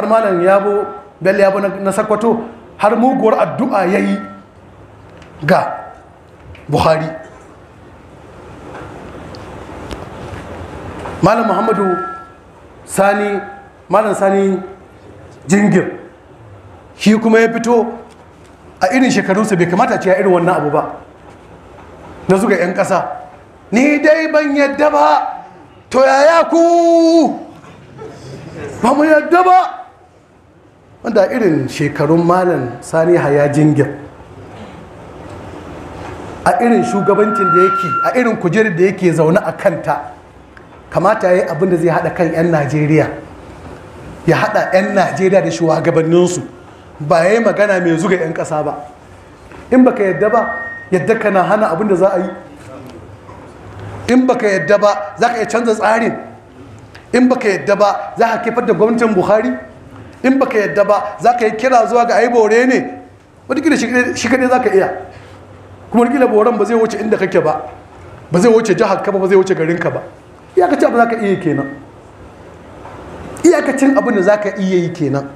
har malam yabo bello bo na sakwato har muguwar addu'a ya yi ga buhari malam muhammadu sani malam sani jingir shi kuma ya fito a irin shekarunsa bai kamata ce a irin wannan abu ba na zuga 'yan ƙasa ni dai ban yadda ba to yaya ku ba mu yadda ba wanda irin shekarun malam sani haya jingir a irin shugabancin da yake a irin kujerar da yake zaune a kanta kamata ya yi abin da zai haɗa kan 'yan najeriya ya haɗa 'yan najeriya da shugabanninsu ba ya yi magana mai zuga 'yan ƙasa ba in baka yadda ba yadda kana hana abin da za a yi in baka yadda ba za ka iya canza tsarin in baka yadda ba za ka kifar da gwamnatin buhari in baka yadda ba za ka yi kira zuwa ga aibore ne wadda shi kaɗai za ka iya kuma rikila boran ba zai wuce inda kake ba ba zai wuce jihar ka ba ba zai wuce garin ka ba iyakacin abin za ka iya kenan iyakacin abin da za ka iya yi kenan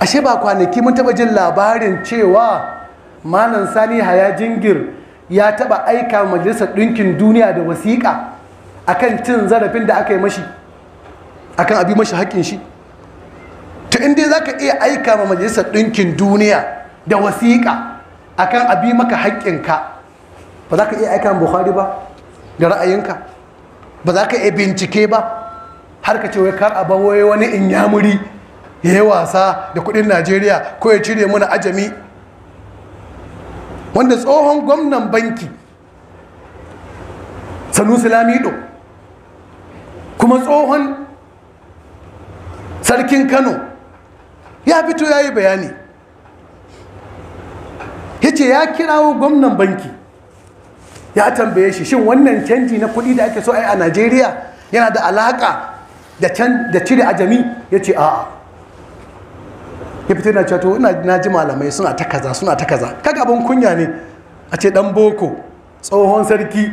ashe ba kwanaki mun taɓa jin labarin cewa malam sani haya jingir ya taɓa aika majalisar ɗinkin duniya da wasiƙa akan cin zarafin da aka yi mashi akan abi mashi haƙƙin shi to in dai ka iya aika ma majalisar ɗinkin duniya da wasiƙa akan abi maka haƙƙinka ba za ka iya aika ma buhari ba da ra'ayinka ba za ka iya bincike ba har ka ce wai kar a waye wani inyamuri ya yi wasa da kuɗin najeriya ko ya cire mana ajami wanda tsohon gwamnan banki sanusi lamido kuma tsohon sarkin kano ya fito ya yi bayani ya ce ya kirawo gwamnan banki ya tambaye shi shin wannan canji na kuɗi da ake so a yi a najeriya yana da alaƙa da cire ajami ya ce a'a ya fito yana cato na ji malamai suna ta kaza suna ta kaza kaga abin kunya ne a ce dan boko tsohon sarki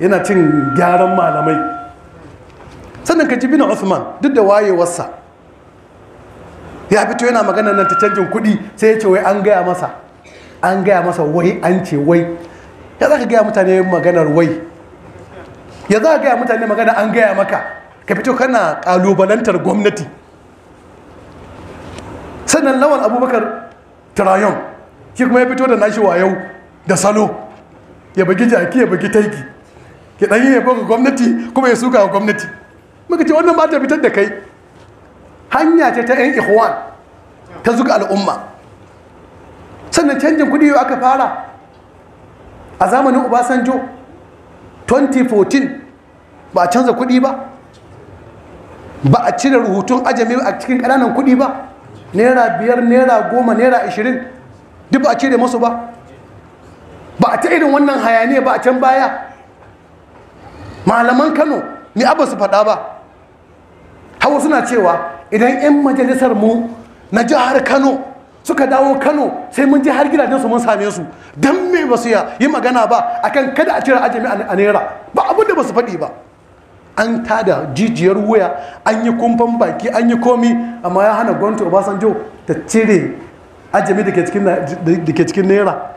yana cin gyaran malamai sannan ka ji bin usman duk da wayewarsa ya fito yana magana nan ta canjin kuɗi sai ya ce wai an gaya masa an gaya masa wai an ce wai ya za ka gaya mutane maganar wai ya za ka gaya mutane magana an gaya maka ka fito kana kalubalantar gwamnati sannan lawan abubakar Tarayon shi kuma ya fito da nashi wayau da salo ya bugi jaki ya bugi taiki ya ɗanyi ya boga gwamnati kuma ya suka gwamnati muka ce wannan ba ta fitar da kai hanya ce ta yan ikhwan ta zuga al'umma sannan canjin kuɗi aka fara a zamanin obasanjo 2014 ba a canza kuɗi ba ba a cire rubutun ajami a cikin ƙananan kuɗi ba naira biyar naira goma naira ashirin duk ba a cire masu ba ba a ta irin wannan hayaniya ba a can baya malaman kano ni abu su faɗa ba hawa suna cewa idan 'yan majalisar mu na jihar kano suka dawo kano sai mun ji har gidajen su mun same su don me ba su yi magana ba akan kada a cire ajami a naira ba abin ba su faɗi ba an tada jijiyar wuya an yi kumfan baki an yi komi amma ya hana gwamnati obasanjo ta cire ajami da ke cikin naira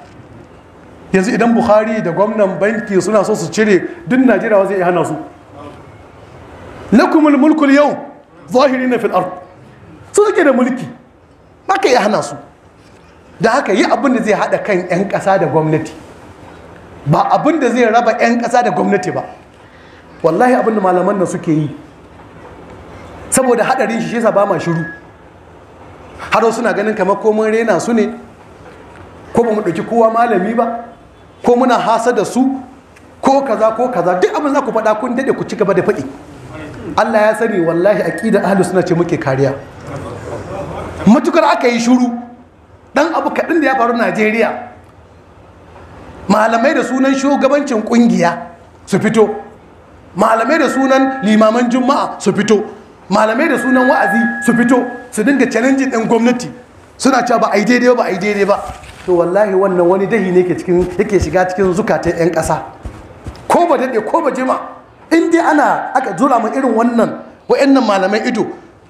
yanzu idan buhari da gwamnan banki suna so su cire duk najeriya zai iya hana su lakumul mulkul yau zahiri na fil ard su suke da mulki haka iya hana su da haka yi abin da zai haɗa kan 'yan kasa da gwamnati ba abin da zai raba 'yan ƙasa da gwamnati ba wallahi abin da malaman nan suke yi saboda hadarin shi yasa ba ma shiru har suna ganin kamar ko rena su ne ko ba mu ɗauki kowa malami ba ko muna hasa da su ko kaza ko kaza duk abin za ku faɗa kun daɗe ku ci gaba da faɗi Allah ya sani wallahi aqida ahlus suna ce muke kariya matukar aka yi shuru dan abu kaɗan da ya faru Najeriya malamai da sunan shugabancin ƙungiya su fito malamai da sunan limaman juma'a su fito malamai da sunan wa'azi su fito su dinga challenge ɗin gwamnati suna cewa ba a yi daidai ba a yi daidai ba to wallahi wannan wani dahi ne yake shiga cikin zukatan 'yan ƙasa ko ba daɗe ko ba jima in dai ana aka zura mu irin wannan wa'annan malamai ido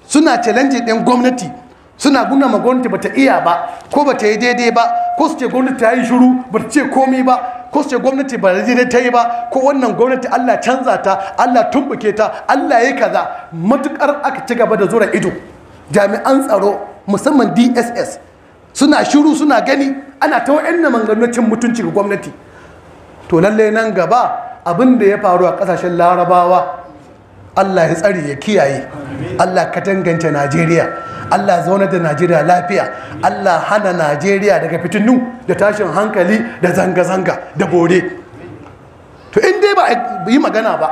suna challenge din gwamnati suna guna ma gwamnati bata iya ba ko bata yi daidai ba ko su ce gwamnati ta yi shiru bata ce komai ba ko su ce gwamnati ba daidai ta yi ba ko wannan gwamnati Allah canza ta Allah tumbuke ta Allah ya kaza matukar aka ci gaba da zura ido jami'an tsaro musamman DSS suna shiru suna gani ana ta wa'annan maganganun cin mutunci ga gwamnati to lallai nan gaba abin da ya faru a kasashen larabawa Allah ya tsare ya kiyaye Allah ka danganta Najeriya Allah zaune da Najeriya lafiya Allah hana Najeriya daga fitinu da tashin hankali da zanga-zanga da bore to in dai ba yi magana ba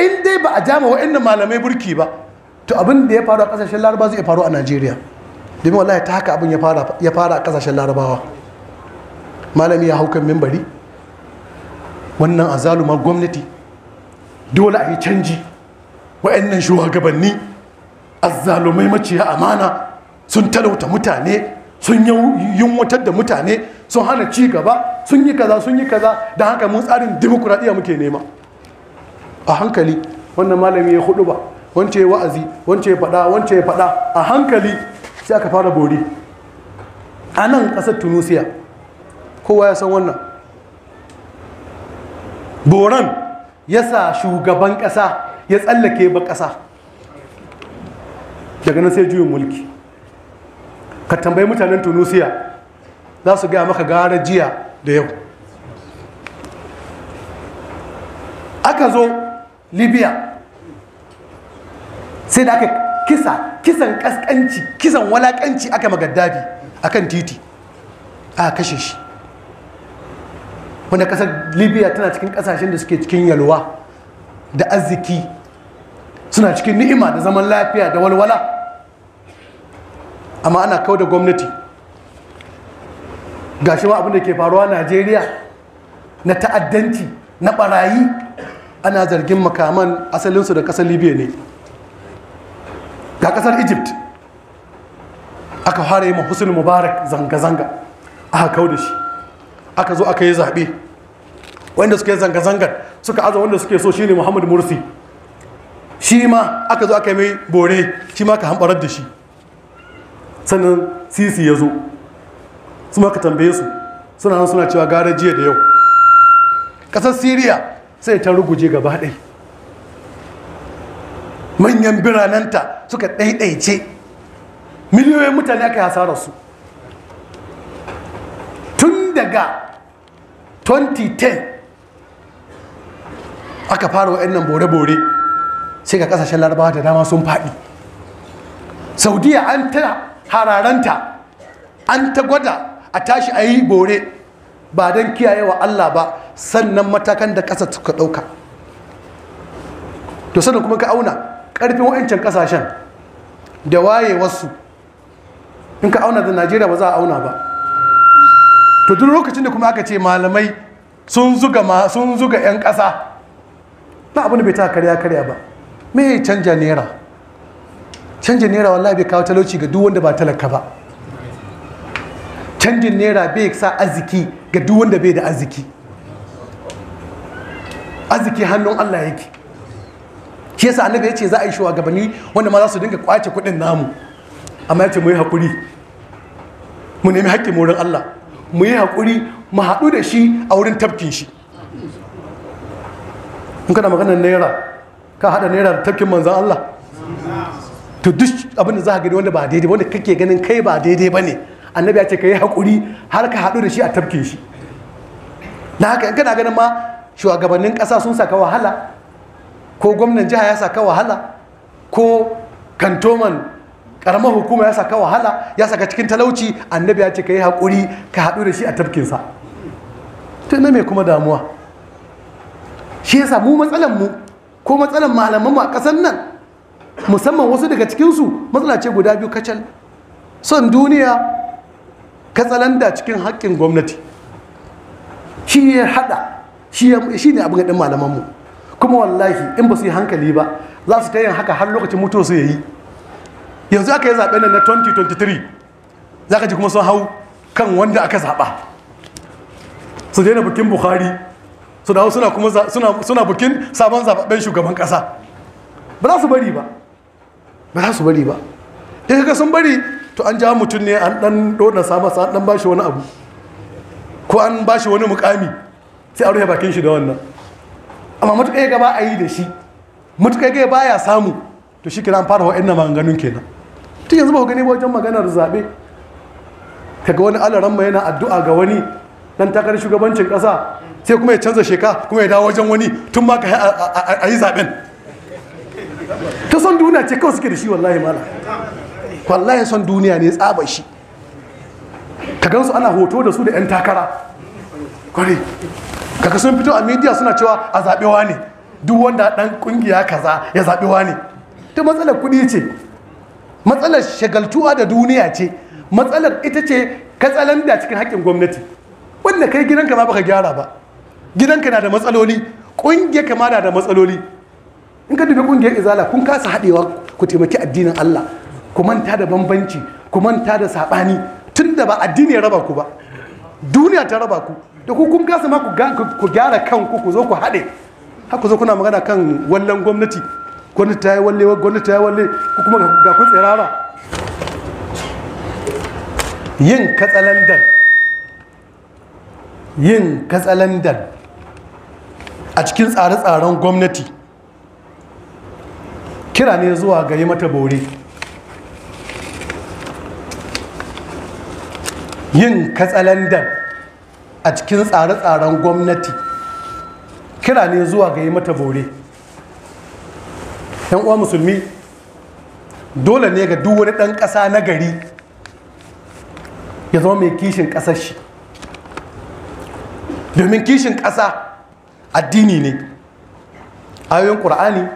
in dai ba a jama wa'annan malamai burki ba to abin da ya faru a kasashen larabawa zai faru a Najeriya domin wallahi ta haka abin ya fara a kasashen larabawa malami ya hau kan mimbari wannan zaluma gwamnati dole a yi canji wa'annan shugabanni azzalumai maciya amana sun talauta mutane sun yunwatar da mutane sun hana ci gaba sun yi kaza sun yi kaza da haka mun tsarin dimokuraɗiyya muke nema a hankali wannan malami ya hudu ba wance wa'azi wance fada wance faɗa a hankali sai aka fara bori a nan ƙasar tunisia kowa ya san wannan boran ya sa shugaban ƙasa ya tsallake ba ƙasa daga nan sai juyin mulki ka tambayi mutanen tunisia za su gaya maka gara jiya da yau aka zo libya sai da aka kisa kisan kaskanci kisan walakanci aka magaddafi akan titi a kashe shi wanda kasar libya tana cikin kasashen da suke cikin yalwa da arziki suna cikin ni'ima da zaman lafiya da walwala amma ana kawo da gwamnati Ga shi abin da ke faruwa najeriya na ta'addanci na barayi ana zargin makaman asalinsu da kasar libya ne ga kasar egypt aka fara yi ma hussein mubarak zanga-zanga aka kawo da shi aka zo aka yi zaɓe wanda suka yi zanga-zangar suka aza wanda suke so shine muhammad mursi shi ma aka zo aka yi mai bore shi ma ka hamɓarar da shi sannan sisi ya zo su ma ka tambaye su suna nan suna cewa gara jiya da yau ƙasar siriya sai ta ruguje gaba ɗai manyan birananta suka ɗaiɗaice miliyoyin mutane aka yi hasararsu tun daga 2010 aka fara nan bore-bore sai ga kasashen larabawa da dama sun faɗi saudiya an ta hararanta an ta gwada a tashi a yi bore ba don kiyayewa allah ba sannan matakan da ƙasa suka ɗauka to sannan kuma ka auna ƙarfin wa'ancan kasashen da wayewarsu in ka auna da najeriya ba za a auna ba to duk lokacin da kuma aka ce malamai sun zuga ma sun zuga 'yan kasa ba abin da bai ta karya karya ba me canja naira Canja naira wallahi bai kawo talauci ga duk wanda ba talaka ba canjin naira bai sa arziki ga duk wanda bai da arziki arziki hannun Allah yake shi yasa annabi ya ce za a yi gabani wanda ma za su dinga kwace kuɗin namu amma ya ce mu yi haƙuri mu nemi haƙƙin wurin Allah mu yi haƙuri mu haɗu da shi a wurin tafkin shi in kana maganar naira ka haɗa naira da tafkin manzan Allah to duk abin da za ka gani wanda ba daidai wanda kake ganin kai ba daidai ba ne annabi ya ce ka yi haƙuri har ka haɗu da shi a tafkin shi na haka in kana ganin ma shugabannin ƙasa sun saka wahala ko gwamnan jiha ya saka wahala ko kantoman karamar hukuma ya saka wahala ya saka cikin talauci annabi ya ce ka yi haƙuri ka haɗu da shi a tafkinsa to ina mai kuma damuwa shi yasa mu matsalan mu ko matsalan malaman mu a ƙasar nan musamman wasu daga cikinsu matsala ce guda biyu kacal son duniya katsalanda cikin haƙƙin gwamnati shi ya haɗa shi ne abin ɗin mu kuma wallahi in ba su yi hankali ba za su ta yin haka har lokacin mutuwa su yayi yi yanzu aka yi zaɓe nan na 2023 za ka ji kuma sun hau kan wanda aka zaɓa su daina bukin buhari su dawo suna kuma suna bukin sabon zaɓaɓɓen shugaban ƙasa ba za su bari ba ba za su bari ba in kaka sun bari to an ja mutum ne an ɗan ɗoɗa sama an ɗan bashi wani abu ko an bashi wani mukami sai a rufe bakin shi da wannan amma matuƙa ya gaba a yi da shi matuƙa ya baya samu to shi kira an fara na maganganun kenan tun yanzu ba gani wajen maganar zaɓe kaga wani alaran ma yana addu'a ga wani dan takar shugabancin ƙasa sai kuma ya canza sheka kuma ya dawo wajen wani tun ma ka a yi zaɓen ta son duniya ce kawai suke da shi wallahi mala wallahi son duniya ne tsaba shi ka gansu ana hoto da su da 'yan takara kwari kaga sun fito a media suna cewa a zaɓewa ne duk wanda ɗan ƙungiya kaza ya zaɓewa ne ta matsalar kuɗi ce matsalar shagaltuwa da duniya ce matsalar ita ce da cikin haƙƙin gwamnati wanda kai gidanka ma baka gyara ba gidanka na da matsaloli ƙungiyar kama na da matsaloli in ka dubi ƙungiyar izala kun kasa haɗewa ku taimaki addinin Allah ku manta da bambanci ku manta da saɓani tun da ba addini ya raba ku ba duniya ta raba ku da ku kun kasa ma ku gyara kanku ku zo ku haɗe haka zo kuna magana kan wallan gwamnati gwamnati ta yi walle gwamnati ta yi walle ko kuma ga kun tsirara yin katsalandan yin katsalandan a cikin tsare-tsaren gwamnati kira ne zuwa ga yi mata bore yin katsalandan a cikin tsare-tsaren gwamnati kira ne zuwa ga yi mata bore yan uwa musulmi dole ne ga duk wani ɗan ƙasa na gari ya zama mai kishin ƙasar shi domin kishin ƙasa addini ne ayoyin ƙur'ani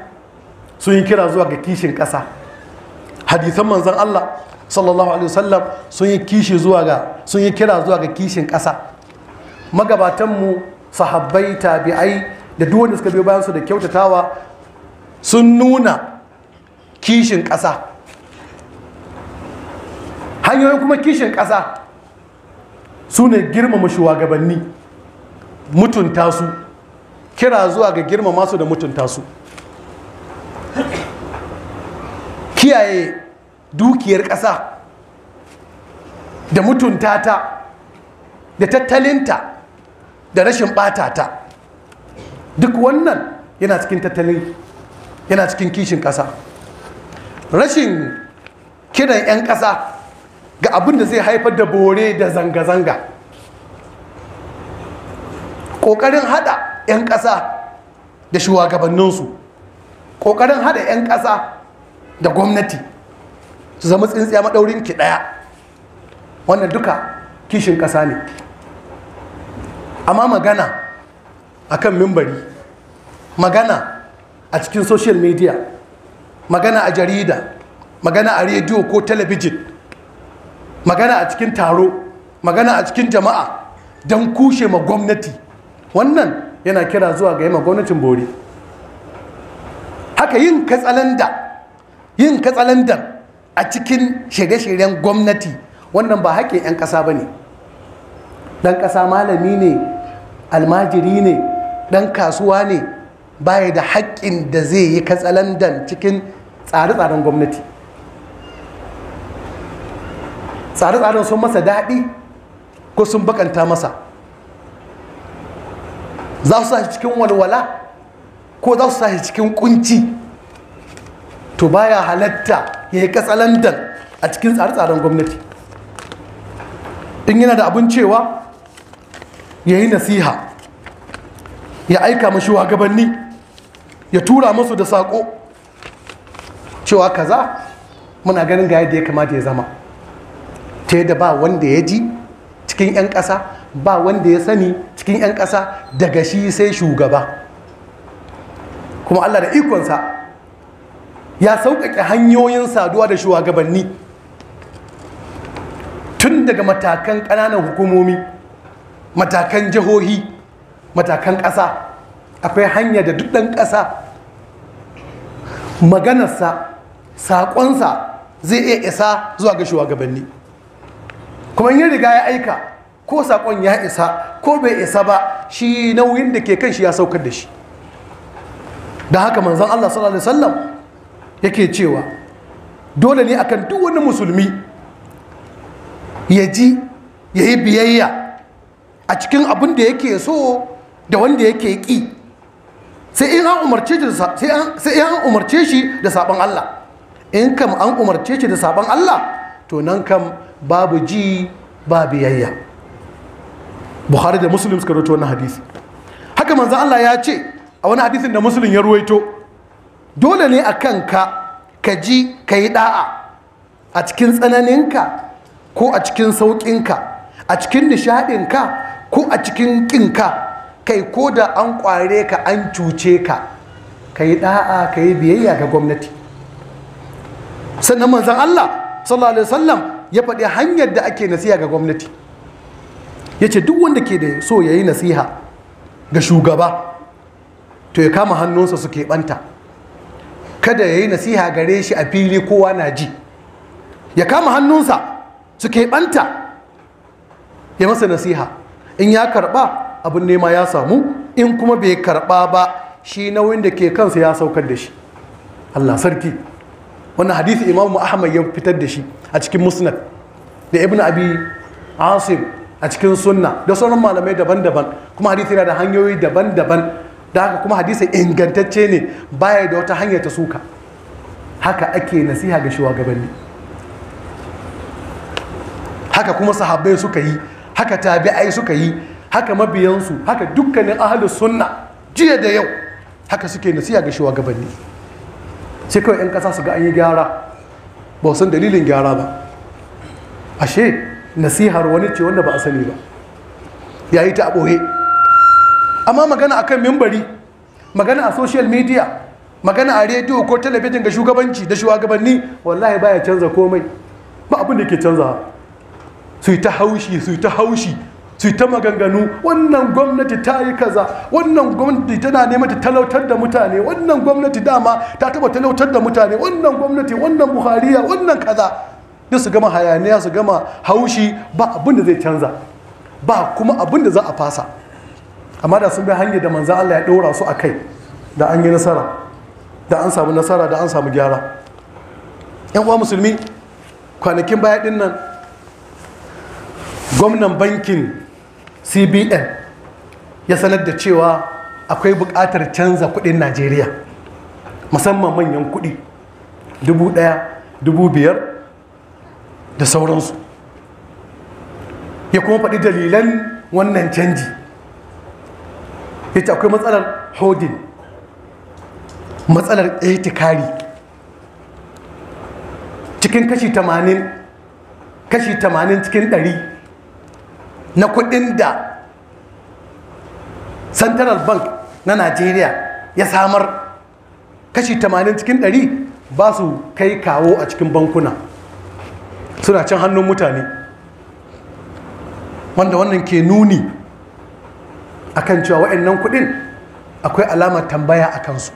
sun yi kira zuwa ga kishin ƙasa hadisan manzan Allah sallallahu alaihi wasallam sun yi kishi zuwa ga sun yi kira zuwa ga kishin ƙasa magabatanmu sahabbai tabi'ai da duk wanda suka biyo bayan su da kyautatawa sun nuna kishin ƙasa hanyoyin kuma kishin ƙasa su ne girmama shugabanni mutunta su kira zuwa ga girmama su da mutunta su kiyaye dukiyar ƙasa da mutunta ta da tattalinta da rashin ɓata ta duk wannan yana cikin tattalin yana cikin kishin kasa. rashin kiran 'yan kasa ga abin da zai haifar da bore da zanga-zanga ƙoƙarin haɗa 'yan kasa da shugabanninsu ƙoƙarin haɗa 'yan kasa da gwamnati su zama tsintsiya maɗaurin ki ɗaya wannan duka kishin kasa ne amma magana akan mimbari magana a cikin social media magana a jarida magana a rediyo ko talabijin magana a cikin taro magana a cikin jama'a don kushe ma gwamnati wannan yana kira zuwa ga yi ma gwamnatin bori haka yin katsalanda yin katsalandar a cikin shirye-shiryen gwamnati wannan ba haƙƙin 'yan ƙasa ba ne ɗan ƙasa malami ne almajiri ne ɗan kasuwa ne baya da haƙƙin da zai yi katsalandan cikin tsare-tsaren gwamnati tsare-tsaren sun masa daɗi ko sun bakanta masa za su sashi cikin walwala ko za su sashi cikin kunci to baya halatta ya yi katsalandan a cikin tsare-tsaren gwamnati in yana da abin cewa ya yi nasiha ya aika mashi wa gabanni ya tura musu da saƙo cewa kaza muna ganin ga yadda ya kamata ya zama ta yadda ba wanda ya ji cikin 'yan ƙasa ba wanda ya sani cikin 'yan ƙasa daga shi sai shugaba kuma allah da ikonsa ya sauƙaƙe hanyoyin saduwa da shugabanni tun daga matakan ƙananan hukumomi matakan jihohi matakan ƙasa akwai hanya da duk ɗan ƙasa maganarsa saƙonsa zai iya isa zuwa ga shugabanni kuma yin riga ya aika ko saƙon ya isa ko bai isa ba shi nauyin da ke kan shi ya saukar da shi da haka manzan Allah sallallahu alaihi wasallam yake cewa dole ne akan duk wani musulmi ya ji ya yi biyayya a cikin abin da yake so da wanda yake ƙi sai in an umarce shi da sabon Allah in kam an umarce shi da sabon Allah to nan kam babu ji ba biyayya Bukhari da Muslim suka rawaito wannan hadisi haka manzon Allah ya ce a wani hadisin da Muslim ya ruwaito dole ne a kanka ka ji ka yi da'a a cikin tsananinka ko a cikin sauƙinka a cikin nishaɗinka ko a cikin ƙinka kai ko da an kware ka an cuce ka ka yi da'a ka yi biyayya ga gwamnati sannan manzan Allah sallallahu alaihi wasallam ya faɗi hanyar da ake nasiha ga gwamnati ya ce duk wanda ke da so ya yi nasiha ga shugaba to ya kama hannunsa su keɓanta kada ya yi nasiha gare shi a fili kowa na ji ya kama hannunsa su keɓanta ya masa nasiha in ya karɓa abin nema ya samu in kuma bai karba ba shi nauyin da ke kansa ya saukar da shi Allah sarki wannan hadisi imamu ahmad ya fitar da shi a cikin musnad da ibn abi asim a cikin sunna da sauran malamai daban-daban kuma hadisi yana da hanyoyi daban-daban da haka kuma hadisi ingantacce ne baya da wata hanyar ta suka haka ake nasiha ga shugabanni haka kuma sahabbai suka yi haka tabi'ai suka yi haka mabiyansu haka dukkanin ahalin sunna jiya da yau haka suke nasiya ga gabanni sai kawai 'yan ƙasa su ga an yi gyara ba san dalilin gyara ba ashe nasihar wani ce wanda ba a sani ba ya yi ta a ɓoye amma magana akan mimbari magana a social media magana a rediyo ko talabijin ga shugabanci da shugabanni wallahi baya canza komai ba abin da ke canza su yi ta haushi su yi ta haushi su ta maganganu wannan gwamnati ta yi kaza wannan gwamnati tana neman ta talautar da mutane wannan gwamnati dama ta taba talautar da mutane wannan gwamnati wannan buhariya wannan kaza da su gama hayaniya su gama haushi ba abin da zai canza ba kuma abin da za a fasa amma da sun bi hanyar da manzan Allah ya ɗora su a kai da an yi nasara da an samu nasara da an samu gyara yan uwa musulmi kwanakin baya din nan gwamnan bankin cbn ya sanar da cewa akwai buƙatar canza kuɗin najeriya musamman manyan kuɗi dubu ɗaya dubu biyar da sauransu ya kuma faɗi dalilan wannan canji ya ce akwai matsalar hodin matsalar etikari cikin kashi 80 cikin ɗari. na kudin da central bank na najeriya ya samar kashi 80 cikin 100 ba su kai kawo a cikin bankuna suna cin hannun mutane wanda wannan ke nuni a kan cewa waɗannan kuɗin akwai alamar tambaya a kansu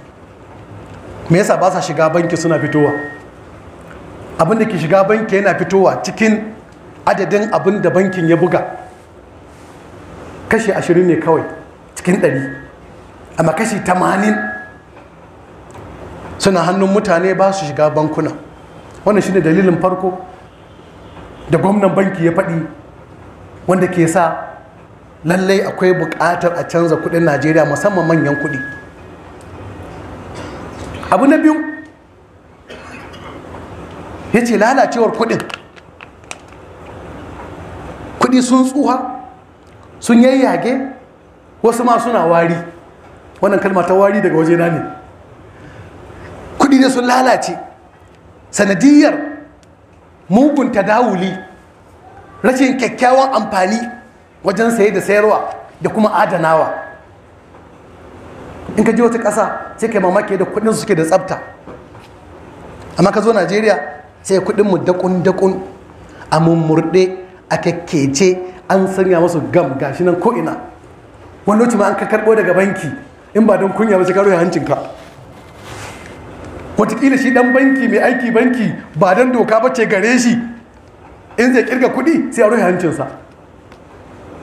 me yasa ba sa shiga banki suna fitowa abin ke shiga banki yana fitowa cikin adadin abin da bankin ya buga kashi ashirin ne kawai cikin ɗari amma kashi tamanin suna hannun mutane ba su shiga bankuna wannan shine dalilin farko da gwamnan banki ya faɗi wanda ke sa lallai akwai buƙatar a canza kuɗin najeriya musamman manyan kuɗi abu na biyu ya ce lalacewar kuɗin kuɗi sun tsuha sun yayyage wasu ma suna wari wannan kalma ta wari daga wajena ne kudi ne sun lalace sanadiyar mugun dawuli, rashin kyakkyawan amfani wajen saye da sayarwa da kuma adanawa in ka ji wata ƙasa sai ka mamaki da kudin suke da tsafta amma ka zo najeriya sai kudin mu dakun dakun a mummurde a kakkece an sanya masu gam gashi nan ko ina wani lokaci ma an karɓo daga banki in ba don kunya ba sai ka hancinka wataƙila shi ɗan banki mai aiki banki ba don doka bace ce gare shi in zai kirga kuɗi sai a roya hancinsa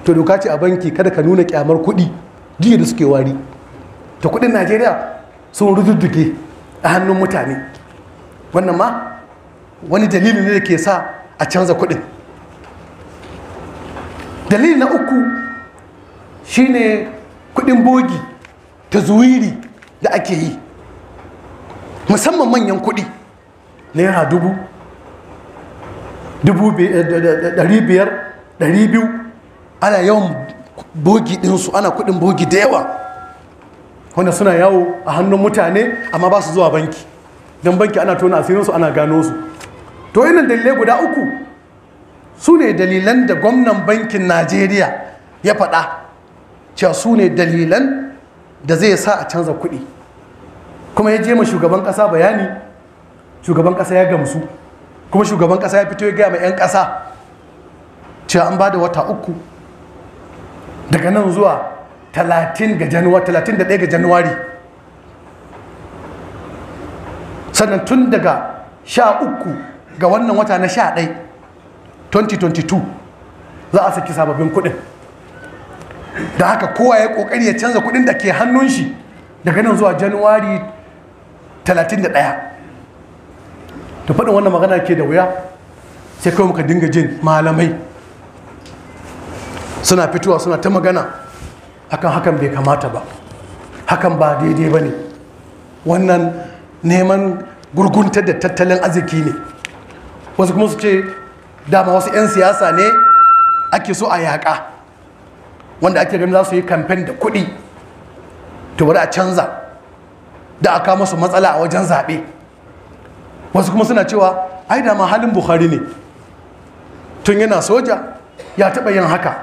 to doka ce a banki kada ka nuna kyamar kuɗi jiya da suke wari ta kuɗin najeriya sun rududduge a hannun mutane wannan ma wani dalili ne da ke sa a canza kuɗin dalili na uku shine kudin bogi ta zuwiri da ake yi musamman manyan kudi naira dubu dubu eh, biyar ɗari biyu ana yawan bogi ɗinsu ana kudin bogi da yawa wanda suna yawo a hannun mutane amma ba su zuwa banki don banki ana tona asirinsu ana gano su to inan dalilai guda uku su ne dalilan da gwamnan bankin najeriya ya faɗa cewa su ne dalilan da zai sa a canza kuɗi kuma ya je ma shugaban ƙasa bayani shugaban ƙasa ya gamsu kuma shugaban ƙasa ya fito ya gaya ma 'yan ƙasa cewa an ba da wata uku daga nan zuwa 30 ga januwari 31 ga januwari sannan tun daga 13 ga wannan wata na 11 2022 za a saki sababbin kuɗin da haka kowa ya kokari ya canza kuɗin da ke hannun shi daga nan zuwa januwari 31 to faɗin wannan magana ke da wuya sai kawai muka dinga jin malamai suna fitowa suna ta magana akan hakan bai kamata ba hakan ba daidai ba ne wannan neman gurguntar da tattalin arziki ne wasu kuma su ce dama wasu 'yan siyasa ne ake so a yaƙa wanda ake ganin za su yi kamfen da kuɗi to bari a canza da aka masu matsala a wajen zaɓe wasu kuma suna cewa ai dama halin buhari ne tun yana soja ya taɓa yin haka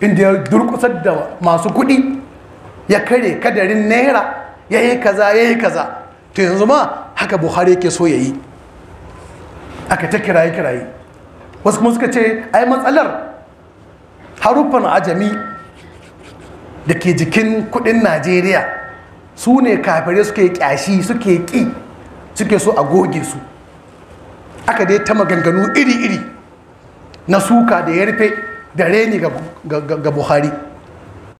inda ya durkusar da masu kuɗi ya kare kadarin naira ya yi kaza ya yi kaza to yanzu ma haka buhari yake so ya yi aka ta kiraye kiraye wasu kuma suka ce ai matsalar haruffan ajami da ke jikin kudin najeriya su ne kafirai suke kyashi suke ki suke so a goge su aka dai ta maganganu iri-iri na suka da ya rufe da reni ga buhari